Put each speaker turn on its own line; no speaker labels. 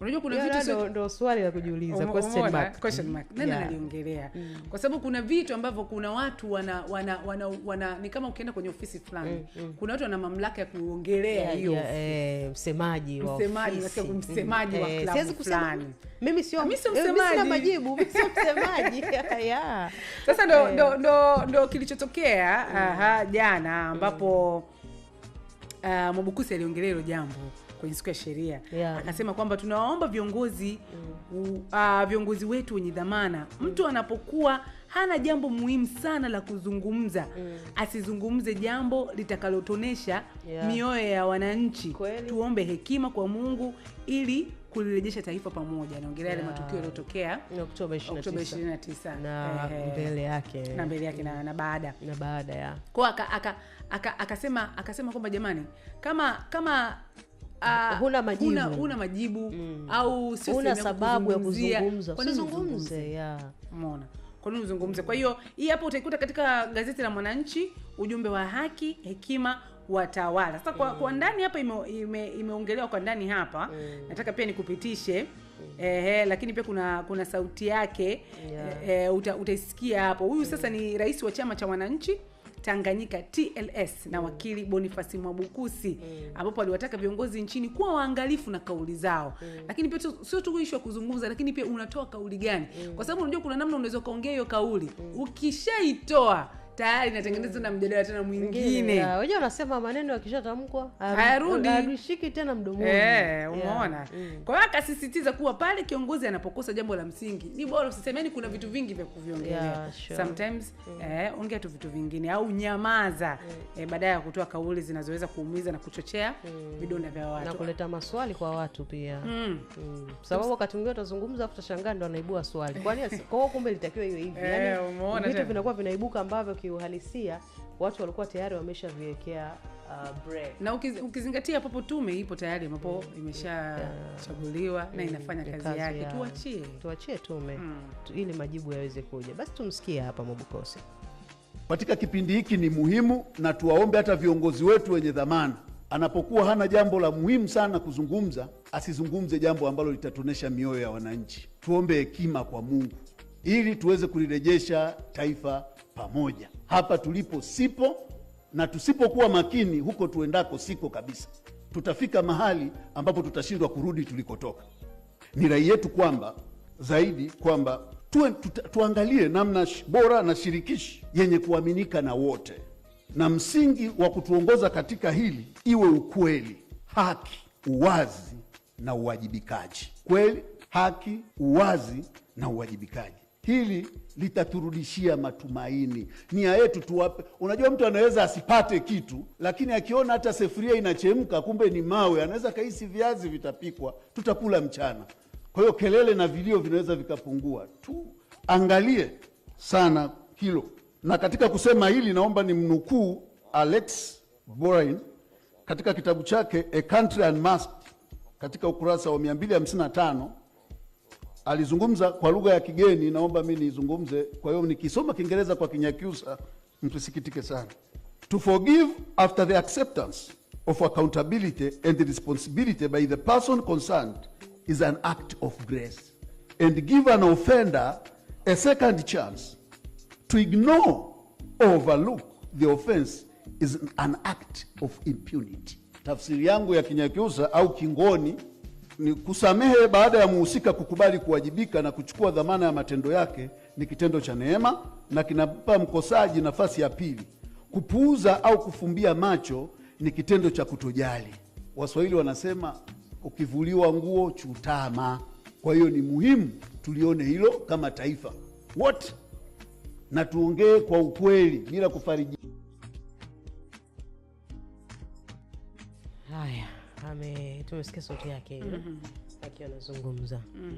unajua kuna vitu ndo, ndo swali la kujiuliza question mark question mark nani yeah. aliongelea mm. kwa sababu kuna vitu ambavyo kuna watu wana wana, wana, wana ni kama ukienda kwenye ofisi fulani mm, mm. kuna watu wana mamlaka ya kuongelea yeah, hiyo yeah,
eh, msemaji wa msemaji ofisi
mm, msemaji mm. wa eh, fulani
mimi sio ah, mimi sio eh, msemaji sina majibu mimi sio msemaji
yeah sasa ndo eh. ndo ndo, ndo kilichotokea mm. aha jana ambapo mm uh, Mwabukusi aliongelea hilo jambo kwenye siku ya sheria yeah. Akasema kwamba tunawaomba viongozi mm. uh, viongozi wetu wenye dhamana mm. mtu anapokuwa hana jambo muhimu sana la kuzungumza mm. asizungumze jambo litakalotonesha yeah. mioyo ya wananchi Kweli. tuombe hekima kwa mungu ili kulirejesha taifa pamoja naongelea yale matukio yaliyotokea
oktoba 29 na mbele yake
na mbele yake na, na baada
na baada ya
kwa akasema aka, aka, akasema, akasema kwamba jamani kama kama
Uh, huna majibu, huna, huna majibu
mm. au sio
sababu ya kuzungumza,
zungumze Yeah kwa nini uzungumze kwa hiyo hii hapo utaikuta katika gazeti la mwananchi ujumbe wa haki hekima watawala sasa kwa, mm. kwa ndani hapa imeongelewa ime, ime kwa ndani hapa mm. nataka pia nikupitishe eh, lakini pia kuna kuna sauti yake yeah. E, e uta, utaisikia hapo. Huyu sasa mm. ni rais wa chama cha wananchi Tanganyika TLS na mm. wakili Bonifasi Mwabukusi mm. ambapo aliwataka viongozi nchini kuwa waangalifu na kauli zao mm. lakini pia sio tu ishu ya kuzungumza, lakini pia unatoa kauli gani mm. kwa sababu unajua kuna namna unaweza ukaongea hiyo kauli mm. ukishaitoa tayari inatengenezwa na mjadala tena mwingine
wenyewe unasema maneno akishatamkwa
hayarudi
hayarudishiki tena mdomoni
eh, umeona yeah. Mm. kwa hiyo akasisitiza kuwa pale kiongozi anapokosa jambo la msingi ni bora usisemeni kuna vitu vingi vya kuviongelea yeah, sure. sometimes mm. eh, ongea tu vitu vingine au nyamaza mm. eh, baadaye ya kutoa kauli zinazoweza kuumiza na kuchochea mm. vidonda vya watu
na kuleta maswali kwa watu pia
mm. Mm.
sababu wakati mwingine utazungumza afu tashangaa ndo anaibua swali kwani kwa kumbe litakiwa hiyo hivi eh, yani, vitu vinakuwa vinaibuka ambavyo ki kiuhalisia watu walikuwa tayari wameshaviwekea uh,
Na ukiz, ukizingatia papo tume ipo tayari ambapo mm, imeshachaguliwa yeah, na mm. inafanya mm, kazi yake ya, tuachie
tuachie tume mm, ili majibu yaweze kuja. Basi tumsikie hapa Mwabukusi.
Katika kipindi hiki ni muhimu, na tuwaombe hata viongozi wetu wenye dhamana, anapokuwa hana jambo la muhimu sana kuzungumza, asizungumze jambo ambalo litatonesha mioyo ya wananchi. Tuombe hekima kwa Mungu ili tuweze kulirejesha taifa pamoja. Hapa tulipo sipo, na tusipokuwa makini, huko tuendako siko kabisa. Tutafika mahali ambapo tutashindwa kurudi tulikotoka. Ni rai yetu kwamba zaidi kwamba tu, tu, tuangalie namna bora na shirikishi yenye kuaminika na wote, na msingi wa kutuongoza katika hili iwe ukweli, haki, uwazi na uwajibikaji. Kweli, haki, uwazi na uwajibikaji hili litaturudishia matumaini. Nia yetu tuwape. Unajua, mtu anaweza asipate kitu, lakini akiona hata sefuria inachemka, kumbe ni mawe, anaweza kahisi viazi vitapikwa, tutakula mchana. Kwa hiyo kelele na vilio vinaweza vikapungua. Tuangalie sana hilo, na katika kusema hili, naomba ni mnukuu Alex Borain katika kitabu chake A Country Unmasked katika ukurasa wa 255 alizungumza kwa lugha ya kigeni, naomba mimi nizungumze. Kwa hiyo nikisoma Kiingereza kwa Kinyakyusa mtusikitike sana. To forgive after the acceptance of accountability and responsibility by the person concerned is an act of grace and give an offender a second chance. To ignore or overlook the offense is an act of impunity. Tafsiri yangu ya Kinyakyusa au Kingoni ni kusamehe baada ya muhusika kukubali kuwajibika na kuchukua dhamana ya matendo yake ni kitendo cha neema na kinampa mkosaji nafasi ya pili. Kupuuza au kufumbia macho ni kitendo cha kutojali. Waswahili wanasema ukivuliwa nguo chutama. Kwa hiyo ni muhimu tulione hilo kama taifa wote, na tuongee kwa ukweli bila kufariji.
Haya ame tumesikia sauti yake mm -hmm. akiwa anazungumza mm -hmm.